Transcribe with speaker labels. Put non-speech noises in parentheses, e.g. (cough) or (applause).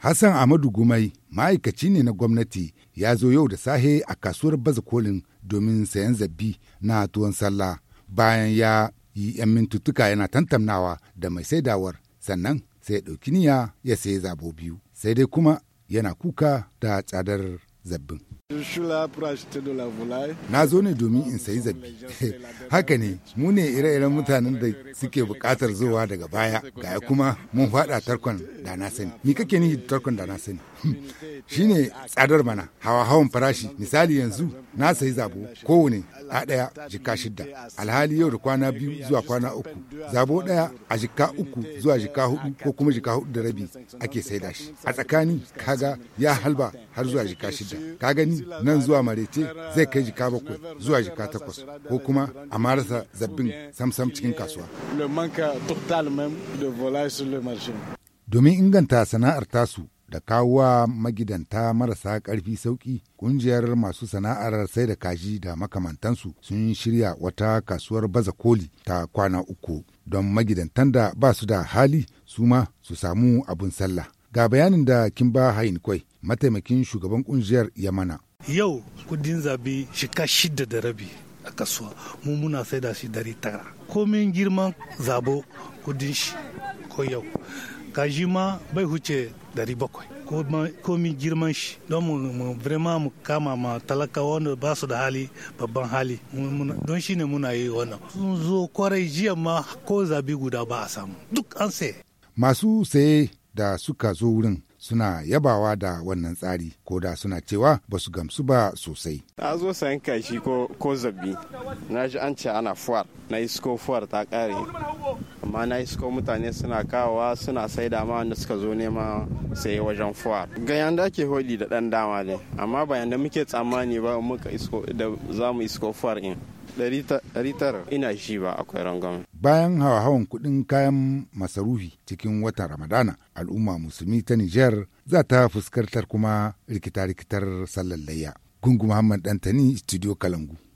Speaker 1: Hassan Ahmadu Gumai ma'aikaci ne na gwamnati ya zo yau da sahe a kasuwar baza kolin domin sayan zabbi na tuwon sallah bayan ya yi 'yan mintuttuka yana tantamnawa da mai saidawar sannan sai ya ɗauki niyya ya sayi zabo biyu sai dai kuma yana kuka da tsadar zabbin. Na zo ne domin in sayi zabi. (laughs) Haka ne, mu ne ire-iren mutanen da suke bukatar zowa daga baya, ga kuma mun faɗa tarkon da na sani. Ni kake ni tarkon da na sani? (laughs) Shi ne tsadar mana, hawa-hawan farashi. Misali yanzu, na sayi zabo kowane a ɗaya jika shidda. Alhali yau da kwana biyu zuwa kwana uku. Zabo ɗaya a jika uku zuwa jika hudu ko kuma jika hudu da rabi ake sai da shi. A tsakani, kaga ya halba har zuwa jika shidda. Ka gani nan zuwa marece zai kai jika bakwai zuwa jika takwas ko kuma a marasa zabbin samsam cikin kasuwa. Domin inganta sana'ar tasu da kawowa magidanta marasa karfi sauƙi ƙungiyar masu sana'ar sai da kaji da makamantansu sun shirya wata kasuwar baza koli ta kwana uku don magidantan da ba su da hali su ma su samu abin sallah ga bayanin da kin ba hain kwai mataimakin shugaban ƙungiyar yamana
Speaker 2: yau kudin zabe shika shida da rabi a kasuwa mu muna sai da shi dari tara komin girman zabo kudin shi ko yau kaji ma bai huce dari bakwai komin girman shi don mu vrema mu kama ma talaka wanda ba su da hali babban hali don shi ne muna yi wannan sun zo kwarai jiya ma ko zabi guda ba a samu duk an sai
Speaker 1: masu saye da suka zo wurin suna yabawa da wannan tsari ko da suna cewa ba su gamsu ba sosai.
Speaker 3: Na zo sayan kashi ko zabi na ji an ce ana fuwar na isko fuwar ta kare amma na isko mutane suna kawowa suna saida ma wanda suka zo nema sai wajen fuwar ga yanda ake holi da dan dama ne amma ba yanda muke tsammani ba muka isko da za mu isko fuwar in tara ina shi ba akwai rangon.
Speaker 1: Bayan hawa-hawan kuɗin kayan masarufi cikin watan Ramadana, al'umma musulmi ta Nijar za ta fuskantar kuma rikita-rikitar sallar layya. Gungu Muhammad Dantani, Studio Kalangu.